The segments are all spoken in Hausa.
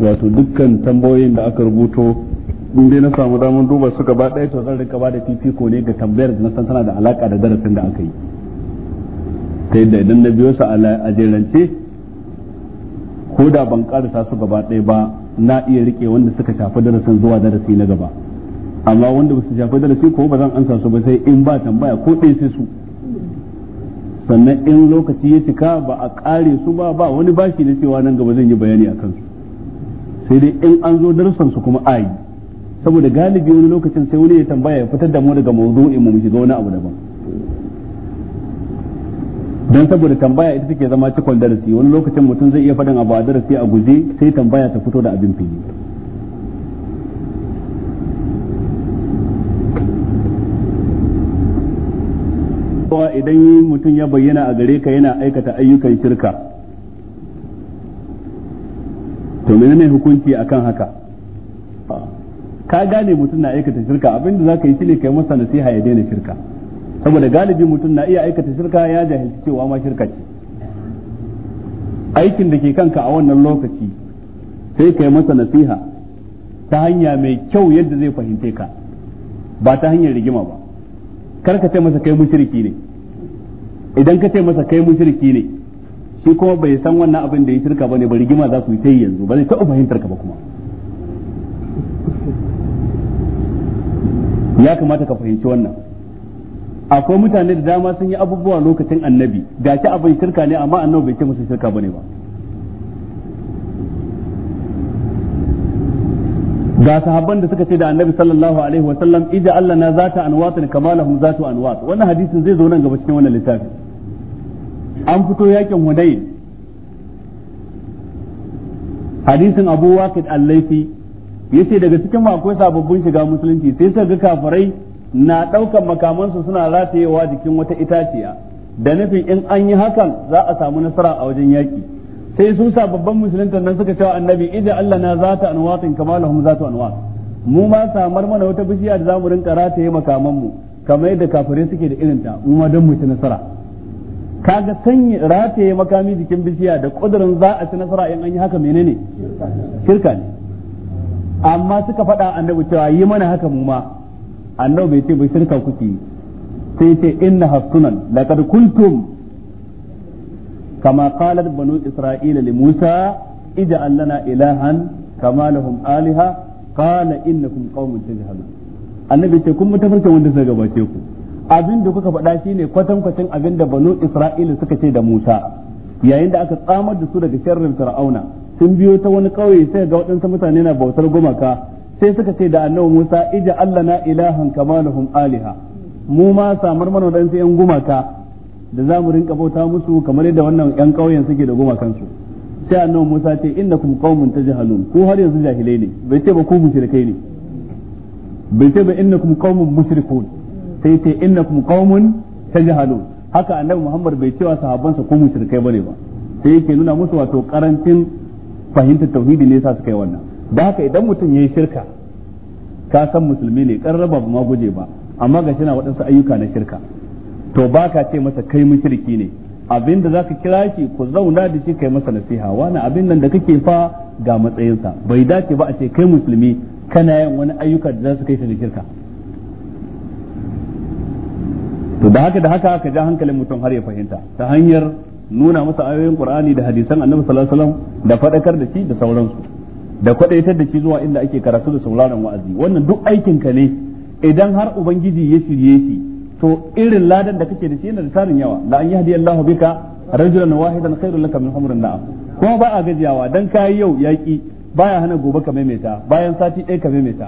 wato dukkan tambayoyin da aka rubuto in dai na samu damar duba su gaba ɗaya to zan rinka bada fifiko ne ga tambayar da na san tana da alaka da darasin da aka yi ta yadda idan na biyo su a jerance ko da ban karasa su gaba ɗaya ba na iya rike wanda suka shafi darasin zuwa darasi na gaba amma wanda ba su shafi darasi ko ba zan ansa su ba sai in ba tambaya ko ɗaya sai su sannan in lokaci ya cika ba a ƙare su ba ba wani bashi na cewa nan gaba zan yi bayani a kansu sai dai in an zo darussan su kuma ayi saboda galibi wani lokacin sai wani ya tambaya ya fitar da mu daga mawdu'in mu shiga wani abu daban dan saboda tambaya ita take zama cikon darasi wani lokacin mutum zai iya faɗin abu a darasi a guje sai tambaya ta fito da abin fili idan mutum ya bayyana a gare ka yana aikata ayyukan shirka to menene hukunci akan haka ka gane mutum na aikata shirka abinda za ka yi shine kai masa nasiha ya daina shirka saboda galibi mutum na iya aikata shirka ya jahilci cewa ma shirka ce aikin da ke kanka a wannan lokaci sai kai masa nasiha ta hanya mai kyau yadda zai fahimce ka ba ta hanyar rigima ba kar ka ce masa kai mushriki ne idan ka ce masa kai mushriki ne shi kuma bai san wannan abin da ya shirka ba ne ba rigima za ku yi ta yi yanzu ba zai taɓa fahimtar ka ba kuma ya kamata ka fahimci wannan akwai mutane da dama sun yi abubuwa lokacin annabi ga shi abin shirka ne amma annabi bai ce musu shirka ba ne ba ga sahabban da suka ce da annabi sallallahu alaihi wasallam ija Allah na zata anwatin kama zatu anwat wannan hadisin zai zo nan gaba cikin wannan littafin an fito yakin hudayin hadisin abu waqid al-laifi yace daga cikin mu akwai sababbin shiga musulunci sai suka ga kafirai na daukan makamansu suna ratayewa jikin wata itaciya da nufin in an yi hakan za a samu nasara a wajen yaki sai su sababbin musulunta nan suka cewa annabi idan Allah na zata anwatin kama lahum ta anwa. mu ma samar mana wata bishiya da zamu rinka rataye makamanmu mu kamar yadda kafirai suke da irinta mu ma don mu ci nasara kaga sanya rataye makami jikin bishiya da kudurin za a ci nasara in an yi haka menene shirka ne amma suka faɗa annabi cewa yi mana haka mu ma annabi bai ce bai shirka kuke sai ce inna hasunan laqad kuntum kama qalat banu isra'ila li musa ij'al lana ilahan kama lahum aliha qala innakum qaumun tajhalun annabi ce kun mutafarkin wanda zai gabace ku abin da kuka faɗa shine kwatankwacin abin da banu isra'ila suka ce da musa yayin da aka tsamar da su daga sharrin fir'auna sun biyo ta wani ƙauye sai ga waɗansu mutane na bautar gumaka sai suka ce da annabi musa ija allana ilahan kama aliha mu ma samar mana waɗansu yan gumaka da za mu rinka bauta musu kamar yadda wannan yan ƙauyen suke da gumakansu sai annabi musa ce innakum qaumun tajhalun ku har yanzu jahilai ne bai ce ba ku mushrikai ne bai ce ba innakum qaumun mushrikun sai ce innakum qaumun tajhalun haka annabi Muhammad bai cewa sahabbansa ko mushrikai bane ba sai yake nuna musu wato karancin fahimtar tauhidi ne yasa suka yi wannan da haka idan mutum yayi shirka ka san musulmi ne karraba ba ma guje ba amma ga na waɗansu ayyuka na shirka to baka ce masa kai mushriki ne abin da zaka kira shi ku zauna da shi kai masa nasiha wani abin nan da kake fa ga matsayinsa bai dace ba a ce kai musulmi kana yin wani ayyuka da za su kai shi shirka to da haka da haka ka ja hankalin mutum har ya fahimta ta hanyar nuna masa ayoyin qur'ani da hadisan annabi sallallahu alaihi wasallam da fadakar da shi da sauransu da kwadaitar da shi zuwa inda ake karatu da sauraron wa'azi wannan duk aikin ka ne idan har ubangiji ya shirye shi to irin ladan da kake da shi yana da tarin yawa la an yahdi Allahu bika rajulan wahidan khairul laka min humrin na'am kuma ba a gajiyawa dan kai yau yaki baya hana gobe ka maimaita bayan sati ɗaya ka maimaita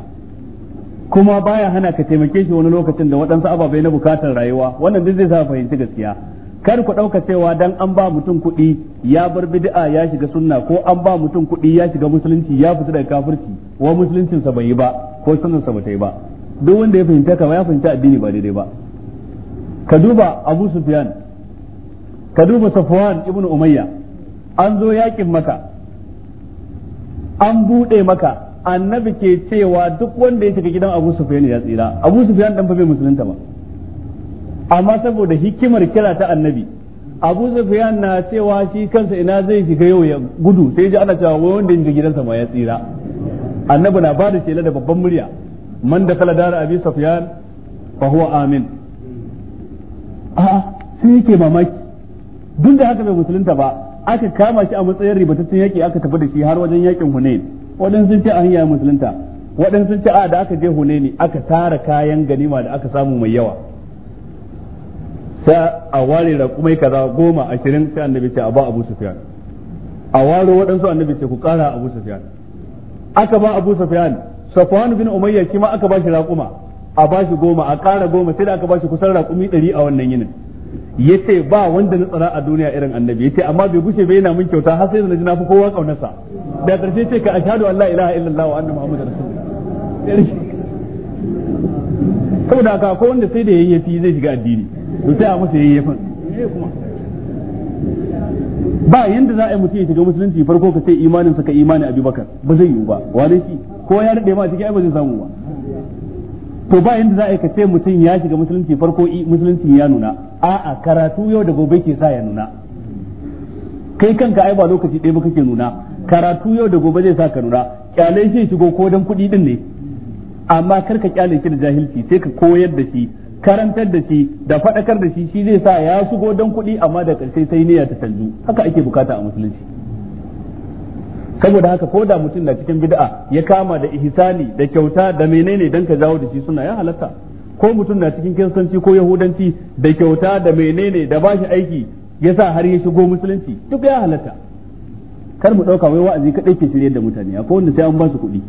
kuma baya hana ka taimake shi wani lokacin da waɗansu ababai na bukatar rayuwa wannan duk zai sa fahimci gaskiya kar ku ɗauka cewa dan an ba mutum kuɗi ya bar bid'a ya shiga sunna ko an ba mutum kuɗi ya shiga musulunci ya fita daga kafirci wa musuluncin sa bai yi ba ko sunnan sa bata yi ba duk wanda ya fahimta ka ya fahimta addini ba daidai ba ka duba Abu Sufyan ka duba Safwan ibn Umayya an zo yakin maka an buɗe maka annabi ke cewa duk wanda ya shiga gidan Abu Sufyan ya tsira Abu Sufyan dan fa bai musulunta ba amma saboda hikimar kira ta annabi Abu Sufyan na cewa shi kansa ina zai shiga yau ya gudu sai ji ana cewa wai wanda ya shiga gidansa ma ya tsira annabi na bada shela da babban murya man da kala dara Abi Sufyan fa huwa amin a'a sai yake mamaki duk da haka bai musulunta ba aka kama shi a matsayin ribatattun yaki aka tafi da shi har wajen yakin Hunain waɗansu sun ce an hanya musulunta waɗansu sun ce a da aka je ne aka tara kayan ganima da aka samu mai yawa sai a ware raƙumai kaza goma ashirin sai annabi ce a ba abu sufiyan a ware waɗansu annabi ce ku ƙara abu sufiyan aka ba abu sufiyan safwan bin umayya shi ma aka ba shi raƙuma a ba shi goma a ƙara goma sai da aka ba shi kusan raƙumi ɗari a wannan yinin yace ba wanda na tsara a duniya irin annabi yace amma bai gushe bai yana mun kyauta har sai da naji na fi kowa kaunarsa da karshe ce ka ashhadu an la ilaha illallah wa anna muhammadar rasulullah saboda ka ko wanda sai da yayyafi zai shiga addini to sai a masa yayyafin ba yanda za a yi mutum ya shiga musulunci farko ka sai imanin sa ka imani abubakar ba zai yiwu ba wani shi ko ya daɗe ma cikin ai ba zai samu ba to ba yanda za a yi ka mutum ya shiga musulunci farko musulunci ya nuna a'a karatu yau da gobe ke sa ya nuna kai kanka ai ba lokaci ɗaya ba kake nuna karatu yau da gobe zai sa ka nuna kyale shi shigo ko dan kuɗi din ne amma kar ka kyale shi da jahilci sai ka koyar da shi karantar da shi da faɗakar da shi shi zai sa ya shigo dan kuɗi amma da ƙarshe sai niyya ta canzu haka ake bukata a musulunci saboda haka ko da mutum na cikin bid'a ya kama da ihsani da kyauta da menene dan ka jawo da shi suna ya halatta ko mutum na cikin kiristanci ko yahudanci da kyauta da menene da bashi aiki yasa har ya shigo musulunci duk ya halatta kar mu dauka wai wa'azi kadai ke shirye da mutane ko wanda sai an ba su kuɗi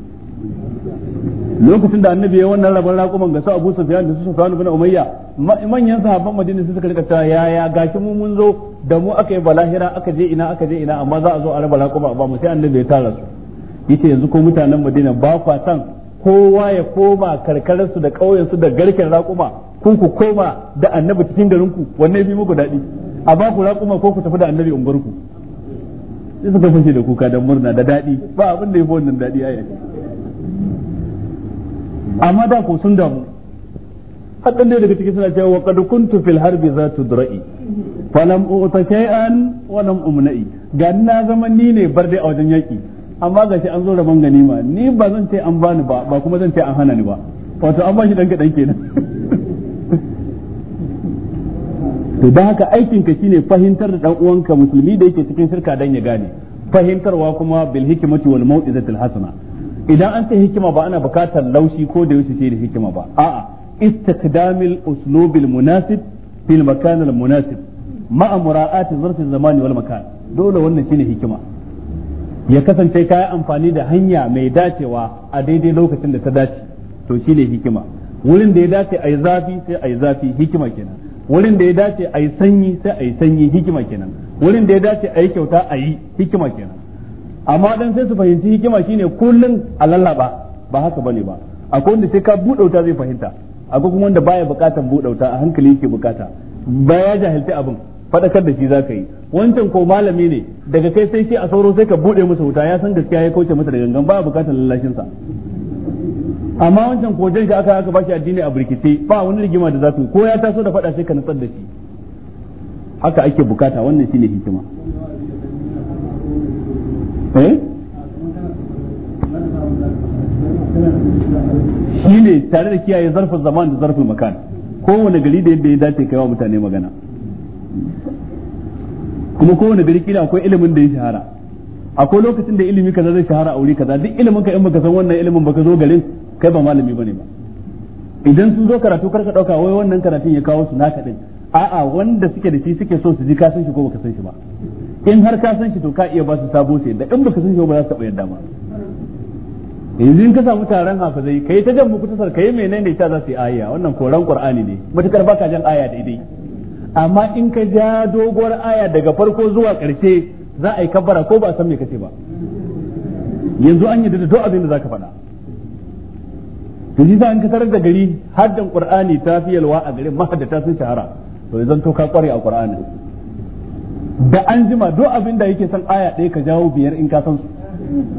lokacin da annabi ya wannan rabon raƙuman ga su Abu Sufyan da su Sufyan fi Umayya manyan sahabban Madina su suka rika cewa ya yaya gashi mu mun zo da mu aka yi balahira aka je ina aka je ina amma za a zo a raba raƙuma ba mu sai annabi ya tara su yace yanzu ko mutanen Madina ba kwa san kowa ya koma karkararsu da su da garken raƙuma kun ku koma da annabi cikin garin ku wanne bi muku daɗi a ba ku raƙuma ko ku tafi da annabi unguwarku sai suka fashe da kuka da murna da daɗi ba abin da ya fi wannan daɗi a amma da ko sun damu hakan dai daga cikin suna cewa wa qad kuntu fil harbi zatu dra'i falam uta shay'an wa lam umna'i gani na zama ni ne bar dai a wajen yaki amma gashi an zo rabon ganima ni ba zan ce an bani ba ba kuma zan ce an hana ni ba wato an bashi dan kadan kenan to dan haka aikin ka shine fahimtar da dan uwanka musulmi da yake cikin shirka dan ya gane fahimtarwa kuma bil hikmati wal mau'izatil hasana idan an ce hikima ba ana bukatar laushi ko da yaushe ce da hikima ba a'a istiqdamil uslubil munasib fil makan al munasib ma'a mura'ati zarfi zamani wal makan dole wannan shine hikima ya kasance kai amfani da hanya mai dacewa a daidai lokacin da ta dace to shine hikima wurin da ya dace ayi zafi sai ayi zafi hikima kenan wurin da ya dace ayi sanyi sai ayi sanyi hikima kenan wurin da ya dace ayi kyauta ayi hikima kenan amma dan sai su fahimci hikima shine kullun a lallaba ba haka bane ba akwai wanda sai ka budauta zai fahimta akwai kuma wanda baya bukatan budauta a hankali yake buƙata baya jahilci abin fadakar da shi zaka yi wancan ko malami ne daga kai sai shi a sauro sai ka bude masa wuta ya san gaskiya ya kauce masa da gangan ba buƙatar lallashin sa amma wancan ko jan shi aka aka bashi addini a burkice ba wani rigima da zaku ko ya taso da fada sai ka nutsar da shi haka ake bukata wannan shine hikima tare da kiyaye zarfin zaman da zarfin makan kowane gari da yadda ya dace kai wa mutane magana kuma kowane gari kila akwai ilimin da ya shahara akwai lokacin da ilimi kaza zai shahara a wuri kaza duk ilimin ka in baka san wannan ilimin baka zo garin kai ba malami bane ba idan sun zo karatu kar ka dauka wai wannan karatun ya kawo su naka din a'a wanda suke da shi suke so su ji ka san shi ko baka san shi ba in har ka san shi to ka iya ba su sabo sai da in baka san shi ba za su taba yadda ba yanzu in ka samu taron hafizai kai ta jan mai kai ne ita za su yi aya wannan koran qur'ani ne matukar baka jan aya daidai amma in ka ja doguwar aya daga farko zuwa ƙarshe za a yi kabbara ko ba a san me kace ba yanzu an yi da duk abin da zaka faɗa to shi an ka da gari haddan qur'ani ta fi yalwa a garin mahaddata sun shahara to zan to ka kware a qur'ani da an jima duk abin da yake son aya ɗaya ka jawo biyar in ka san su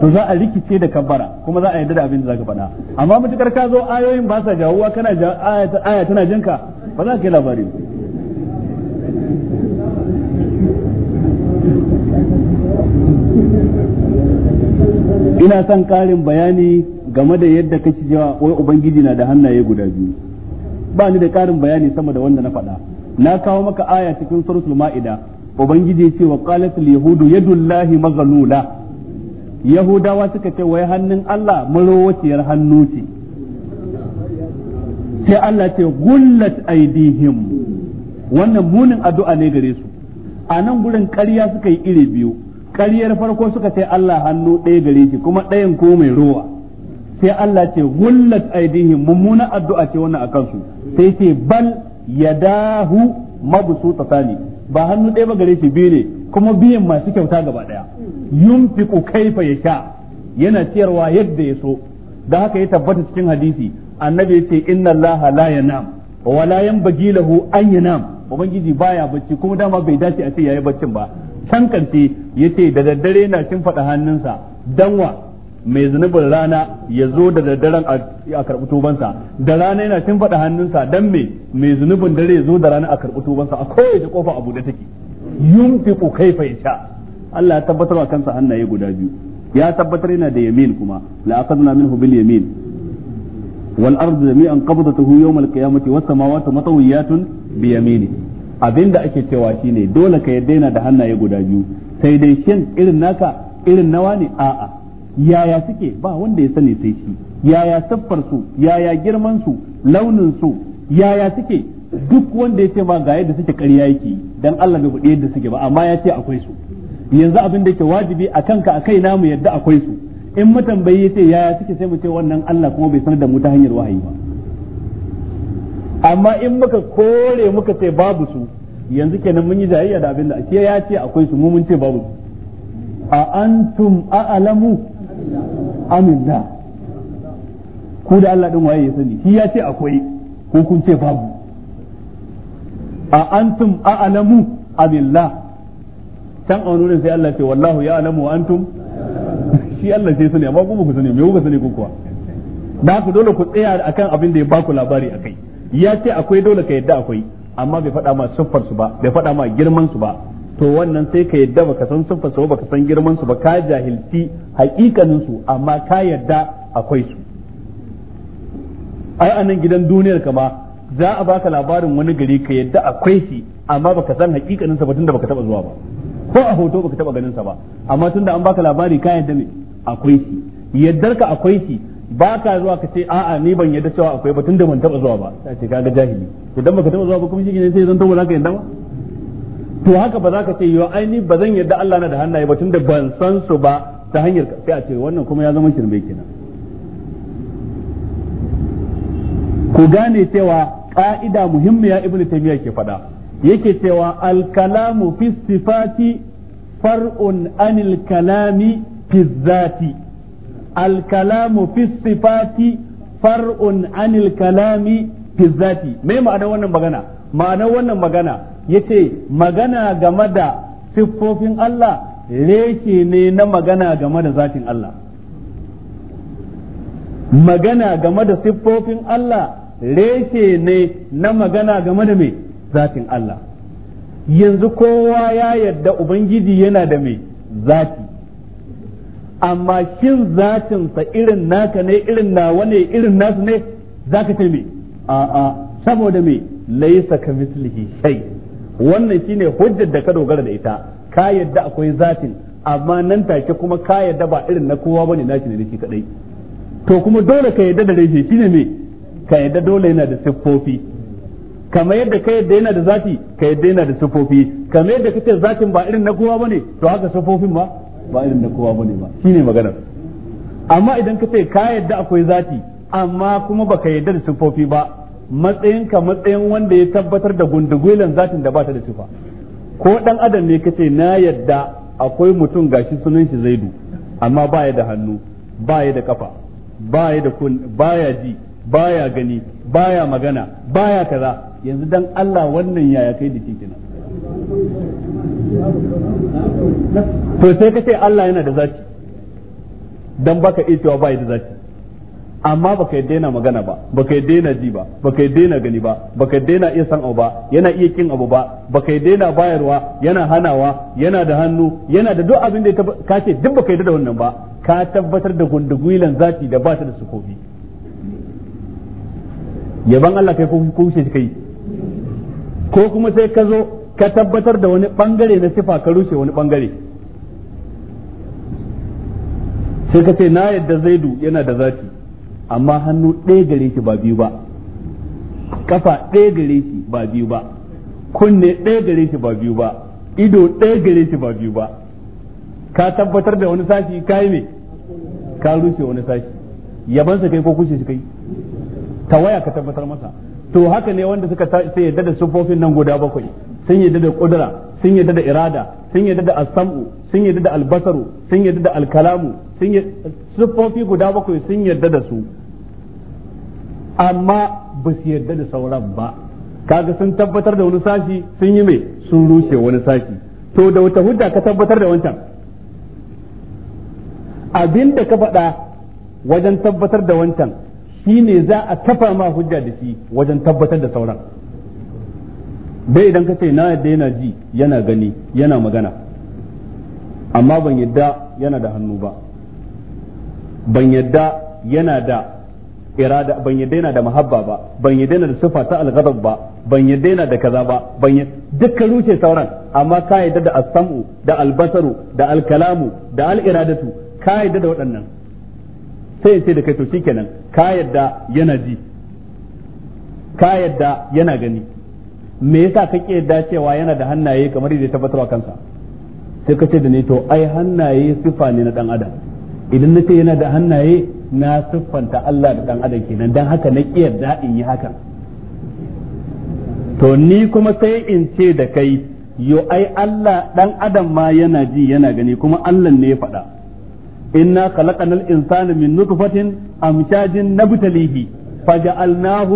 to za a rikice da kabbara kuma za a yarda da abin da zaka faɗa amma mutukar ka zo ayoyin ba sa jawuwa kana aya tana jinka ba za ka yi labari ina son ƙarin bayani game da yadda kake jawa wai ubangiji na da hannaye guda biyu ba ni da karin bayani sama da wanda na faɗa na kawo maka aya cikin suratul ma'ida ubangiji ya ce wa qalat al yahudu yadullahi maghlula yahudawa suka ce wai hannun Allah marowaciyar hannu ce sai Allah ce gullat aidihim wannan munin addu'a ne gare su a nan gurin ƙarya suka yi iri biyu ƙaryar farko suka ce Allah hannu ɗaya gare shi kuma ɗayan ko mai rowa sai Allah ce gullat aidihim mummuna addu'a ce wannan akan su sai ce bal yadahu mabsutatani ba hannu ɗaya ba gare shi biyu ne kuma biyan masu kyauta gaba daya yunfiqu kaifa sha, yana ciyarwa yadda ya so da haka ya tabbata cikin hadisi annabi ya yace inna allaha la yanam wa la yanbaghi lahu an yanam ubangiji baya bacci kuma dama bai dace a ce yayi baccin ba can yace da daddare yana cin fada hannunsa danwa mai zunubin rana ya zo da daddaren a karɓi tubansa da rana yana cin fada hannunsa dan me mai zunubin dare ya zo da rana a karɓi tubansa a kowace kofa abu da take yunfiqu kaifa yasha Allah ya tabbatar wa kansa hannaye guda biyu ya tabbatar yana da yamin kuma la aqadna minhu bil yamin wal ardu jami'an qabdatuhu yawm al qiyamati was samawati matawiyatun bi yamini abinda ake cewa shine dole ka yadda yana da hannaye guda biyu sai dai shin irin naka irin nawa ne a'a yaya suke ba wanda ya sani sai shi yaya siffar su yaya girman su launin su yaya suke duk wanda ya ce ma ga yadda suke ƙarya yake yi dan Allah bai bude yadda suke ba amma ya ce akwai su yanzu abin da ke wajibi a kanka a kaina mu yadda akwai su in mu ya ce ya suke sai mu ce wannan Allah kuma bai sanar da mu ta hanyar wahayi ba amma in muka kore muka ce babu su yanzu kenan mun yi jayayya da abin da ake ya ce akwai su mu mun ce babu su a antum a'lamu amin da ku da Allah din waye ya sani shi ya ce akwai ko kun ce babu a antum a'lamu abillah can a wurin sai Allah ce wallahu ya'lamu wa antum shi Allah sai sani amma kuma ku sani me kuka sani ku kuwa da ku dole ku tsaya akan abin da ya baku labari akai ya ce akwai dole ka yadda akwai amma bai faɗa ma siffar su ba bai faɗa ma girman su ba to wannan sai ka yadda ba ka san siffar su ka san girman su ba ka jahilci hakikanin su amma ka yadda akwai su ai anan gidan duniyar ka kama za a baka labarin wani gari ka yadda akwai shi amma baka san hakikanin sa ba tunda baka taba zuwa ba ko a hoto baka taba ganin sa ba amma tunda an baka labari ka yadda ne akwai shi yadda ka akwai shi baka zuwa ka ce a'a ni ban yadda cewa akwai ba tunda ban taba zuwa ba sai ce kaga jahili idan baka taba zuwa ba kuma ne sai zan to ba yadda ba to haka ba za ka ce yo ai ni ba zan yadda Allah na da hannaye ba tunda ban san su ba ta hanyar sai a ce wannan kuma ya zama shirme kenan ku gane cewa ka'ida muhimmiya ibnu taymiya ke faɗa yake cewa al-kalamu fi sifati far'un anil kalami fi zati al-kalamu fi sifati far'un anil kalami fi zati me ma'anar wannan magana ma'anar wannan magana yace magana game da siffofin Allah reke ne na magana game da zatin Allah magana game da siffofin Allah reshe ne na magana game da mai zatin Allah yanzu kowa ya yarda ubangiji yana da mai zati amma shin zatinsa irin naka ne irin nawa ne irin nasu ne zaka ce me a'a saboda me laisa ka mislihi shay wannan shine hujjar da ka dogara da ita ka yadda akwai zatin amma nan take kuma ka yadda ba irin na kowa bane nashi ne shi kadai to kuma dole ka yadda da rashi shine me ka yadda dole yana da siffofi kamar yadda ka yadda yana da zati ka yadda yana da siffofi kamar yadda ce zatin ba irin na kowa bane to haka siffofin ma ba irin na kowa bane ba shine maganar amma idan ka ce ka yadda akwai zati amma kuma baka yadda da siffofi ba matsayinka matsayin wanda ya tabbatar da gundugulan zatin da ba ta da sifa ko dan adam ne kace na yadda akwai mutum gashi sunan shi zaidu amma ba ya da hannu ba ya da kafa ba ya da kun ba ya ji baya gani baya magana baya kaza yanzu dan Allah wannan yaya kai da kenan to sai ka ce Allah yana da zaki dan baka iya cewa bai da zaki amma baka yi daina magana ba baka yi daina ji ba baka yi daina gani ba baka yi daina iya san abu ba yana iya kin abu ba baka yi daina bayarwa yana hanawa yana da hannu yana da duk abin da ka ce duk baka yi da wannan ba ka tabbatar da gundugwilan zaki da ba ta da sukofi yaban Allah kai ko kushe shi kai ko kuma sai ka zo ka tabbatar da wani bangare na sifa ka rushe wani bangare sai ka ce na yadda zaidu yana da zati amma hannu ɗaya gare shi ba biyu ba kafa ɗaya gare shi ba biyu ba kunne ɗaya gare shi ba biyu ba ido ɗaya gare shi ba biyu ba ka tabbatar da wani sashi kai ne ka rushe wani sashi yabansa kai ko kushe shi kai ta waya ka tabbatar masa to haka ne wanda suka sai yadda da sufofin nan guda bakwai sun yadda da kudura sun yadda da irada sun yadda da asamu sun yadda da albasaru sun yadda da alkalamu sun sufofi guda bakwai sun yadda da su amma ba su yadda da sauran ba kaga sun tabbatar da wani sashi sun yi mai sun rushe wani sashi to da wata hujja ka tabbatar da wancan abinda ka faɗa wajen tabbatar da wancan Shi ne za a kafa ma hujja da shi wajen tabbatar da sauran bai idan ka ce na yadda yana ji yana gani yana magana amma ban yadda yana da hannu ba ban yadda yana da irada ban yadda yana da mahabba ba ban yadda yana da sifa ta alghadab ba ban yadda yana da kaza ba ban dukkan ruce sauran amma ka yadda da as-sam'u da al-basaru da al-kalamu da al-iradatu ka yadda da waɗannan sai ya ce da kai to shikenan ka yadda yana ji ka yadda yana gani me yasa kake yadda cewa yana da hannaye kamar yadda tabbatarwa kansa sai ka ce da ni to ai hannaye sifa ne na dan adam idan na ce yana da hannaye na siffanta Allah da dan adam kenan dan haka na ki da in yi haka. to ni kuma sai in ce da kai yo ai Allah dan adam ma yana ji yana gani kuma Allah ne ya faɗa inna خلقنا الإنسان min نطفة أمشاج نبتليه فجعلناه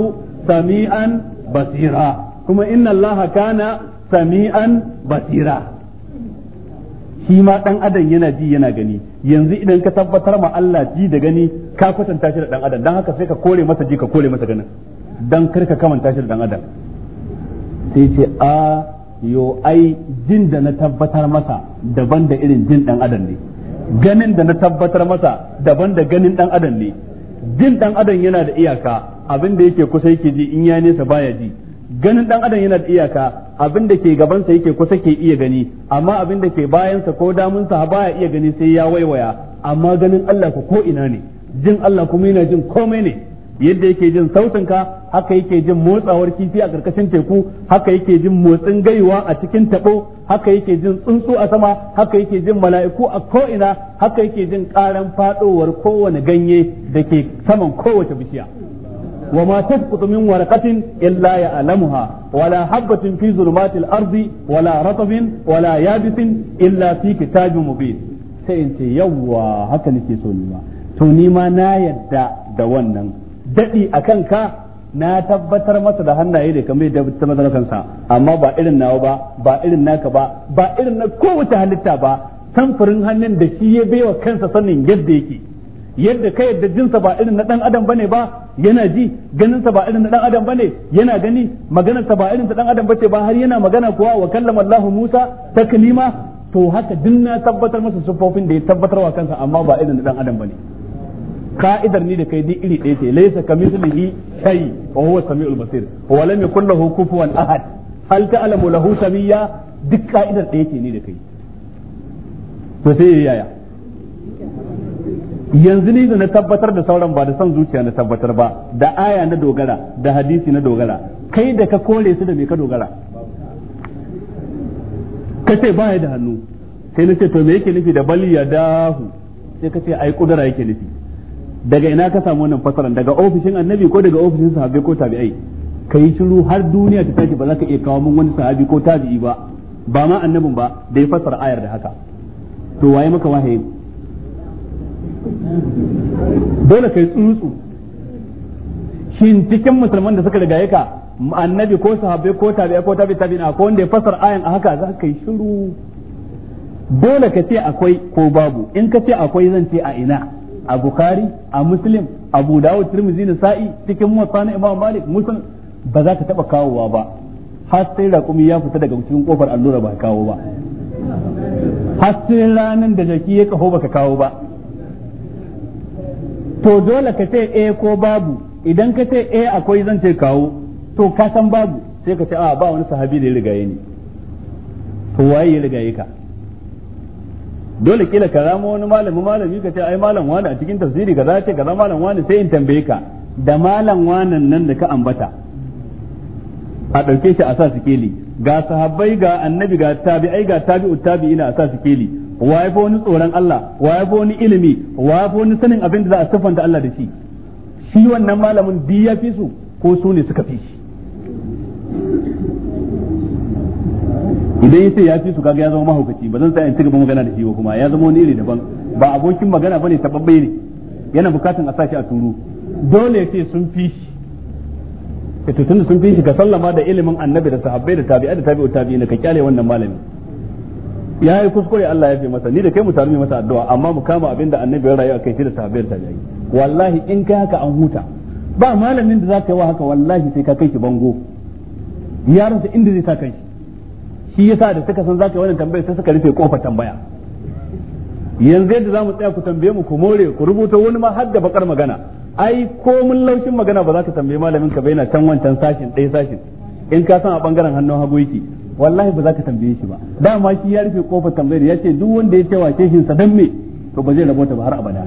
sami'an basira kuma إن الله كان sami'an basira shi ma dan adam yana ji yana gani yanzu idan ka tabbatar ma Allah ji da gani ka kwatanta shi da dan adam dan haka sai ka kore masa ji ka kore masa ganin dan kar ka kamanta shi da dan adam sai ce a yo ai jin da na tabbatar masa daban da irin jin dan adam ne ganin da na tabbatar masa daban da ganin dan adam ne jin dan adam yana da iyaka abin da yake kusa yake ji in ya nesa baya ji ganin dan adam yana da iyaka abin da ke gabansa yake kusa ke iya gani amma abin da ke bayansa ko damunsa baya iya gani sai ya waiwaya amma ganin Allah ko ina ne jin Allah kuma yana jin komai ne yadda yake jin sautin ka haka yake jin motsawar kifi a karkashin teku haka yake jin motsin gaiwa a cikin tabo haka yake jin tsuntsu a sama haka yake jin mala'iku a ko'ina haka yake jin karan fadowar kowane ganye da ke saman kowace bishiya wa ma tasqutu min warqatin illa ya'lamuha wala habatin fi zulumatil ardi wala ratbin wala yabisin illa fi kitabin mubin sai in ce yawwa haka nake so ni ma to ni ma na yadda da wannan daɗi a kanka na tabbatar masa da hannaye da kamar da ta mazana kansa amma ba irin nawa ba ba irin naka ba ba irin na kowace halitta ba samfurin hannun da shi ya baiwa kansa sanin yadda yake yadda ka yadda jinsa ba irin na dan adam bane ba yana ji ganinsa ba irin na dan adam bane yana gani maganarsa ba irin ta dan adam bace ba har yana magana kuwa wa kallama Allahu Musa taklima to haka din na tabbatar masa sufofin da ya tabbatarwa kansa amma ba irin na dan adam bane ka'idar ni da kai duk iri ɗaya ce laysa kamithlihi shay wa huwa samiul basir wa lam yakul lahu kufuwan ahad hal ta'lamu lahu samiyya duk ka'idar ɗaya ce ni da kai to sai yaya yanzu ni da na tabbatar da sauran ba da son zuciya na tabbatar ba da aya na dogara da hadisi na dogara kai da ka kore su da me ka dogara ka ce ba ya da hannu sai na ce to me yake nufi da bal ya dahu sai ka ce ai kudura yake nufi daga ina ka samu wannan fasaran daga ofishin annabi ko daga ofishin sahabbai ko tabi'ai kai shiru har duniya ta tashi ba za ka iya kawo mun wani sahabi ko tabi'i ba ba ma annabin ba da ya fasara ayar da haka to waye maka wahayi dole kai tsuntsu shin cikin musulman da suka riga ka annabi ko sahabbai ko tabi'a ko tabi na ko wanda ya fasara ayan a haka za ka yi shiru dole ka ce akwai ko babu in ka ce akwai zan ce a ina a bukhari a muslim abu dawud tirmidhi Sa'i, cikin muwatta na imam malik muslim ba za ka taba kawowa ba har sai raƙumi ya fita daga cikin kofar allura ba kawo ba har sai ranan da jaki ya kaho baka kawo ba to dole ka ce eh ko babu idan ka ce eh akwai zan ce kawo to ka babu sai ka ce a ah, ba wani sahabi da ya rigaye ni to waye ya rigaye ka dole kila ka ramo wani malami malami ka ce ai malam wani a cikin tafsiri za ce zama malam wani sai in tambaye ka da malam wani nan da ka ambata a ɗauke shi a sa sikeli ga sahabbai ga annabi ga tabi'ai ga tabi tabi'ina a sa sikeli wa ya wani tsoron Allah wa ya wani ilimi wa ya wani sanin abin da za a siffanta Allah da shi shi wannan malamin biyu ya fi su ko su ne suka fi shi idan sai ya fi su kaga ya zama mahaukaci ba zan sa in cigaba magana da shi ba kuma ya zama wani iri daban ba abokin magana bane tababbe ne yana bukatan a sashi a turu dole ce sun fi shi ka tutun sun fi shi ka sallama da ilimin annabi da sahabbai da tabi'a da tabi'u tabi'in ka kyale wannan malami ya yi kuskure Allah ya fi masa ni da kai mu taru mu masa addu'a amma mu kama abin da annabi ya rayu a kai shi da sahabbai da tabi'ai wallahi in kai haka an huta ba malamin da za ka yi wa haka wallahi sai ka kai shi bango ya rasa inda zai sa kai shi shi yasa da suka san zaka wannan tambaya sai suka rufe kofar tambaya yanzu yadda zamu tsaya ku tambaye mu ku more ku rubuta wani ma har da bakar magana ai ko mun laushin magana ba za ka tambaye malamin ka bai na can wancan sashin ɗaya sashin in ka san a bangaren hannun hagu yake wallahi ba za ka tambaye shi ba dama shi ya rufe kofar tambayar ya ce duk wanda ya ce wa shehin sa dan me to ba zai rabota ba har abada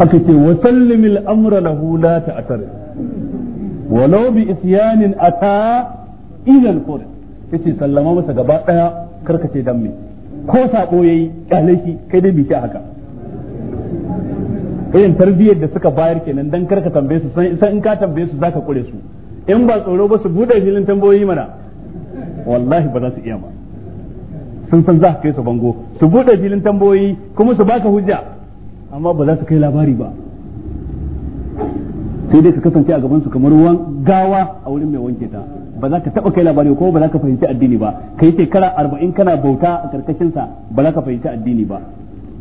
aka ce wa sallimil amra lahu la ta'tar walau bi isyanin ata idan ko yace sallama masa gaba ɗaya karkace dan me ko sako yayi kyale kai dai biki haka irin tarbiyyar da suka bayar kenan dan karka tambaye su san in ka tambaye su zaka kure su in ba tsoro ba su bude filin tambayoyi mana wallahi ba za su iya ba sun san za ka kai su bango su buɗe filin tambayoyi kuma su baka hujja amma ba za su kai labari ba sai dai ka kasance a gaban su kamar ruwan gawa a wurin mai wanke ta ba za ka taba kai labari ko ba za ka fahimci addini ba kai shekara arba'in kana bauta a karkashin sa ba za ka fahimci addini ba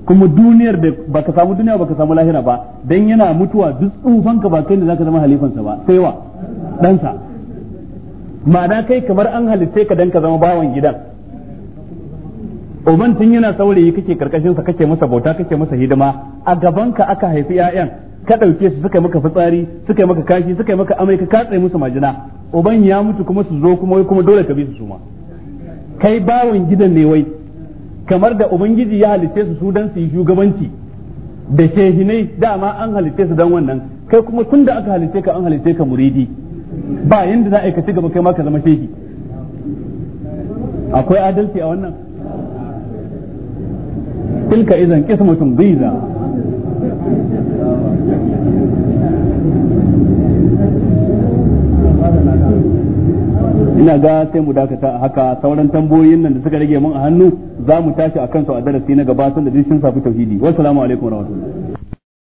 kuma duniyar da ka samu duniya ka samu lahira ba dan yana mutuwa duk ka ba kai ne zaka zama halifansa ba sai wa dan sa ma'ana kai kamar an halitta ka dan ka zama bawan gidan uban tun yana saurayi kake karkashin sa kake masa bauta kake masa hidima a gaban ka aka haifi 'ya'yan ka ɗauke su suka maka fitsari suka maka kashi suka maka amai ka katse musu majina uban ya mutu kuma su zo kuma kuma dole ka bi su suma kai bawon gidan ne wai kamar da ubangiji ya halitte su su dan su yi shugabanci da shehinai dama an halitte su dan wannan kai kuma tun da aka halitte ka an halitte ka muridi ba yanda za a aikace gaba kai ma ka zama shehi akwai adalci a wannan tilka idan qismatun dhiza ina ga sai mu dakata a haka sauran tambayoyin nan da suka rage mun a hannu za mu tashi akan su a darasi na gaba tun da sun safi tauhidi wassalamu alaikum warahmatullahi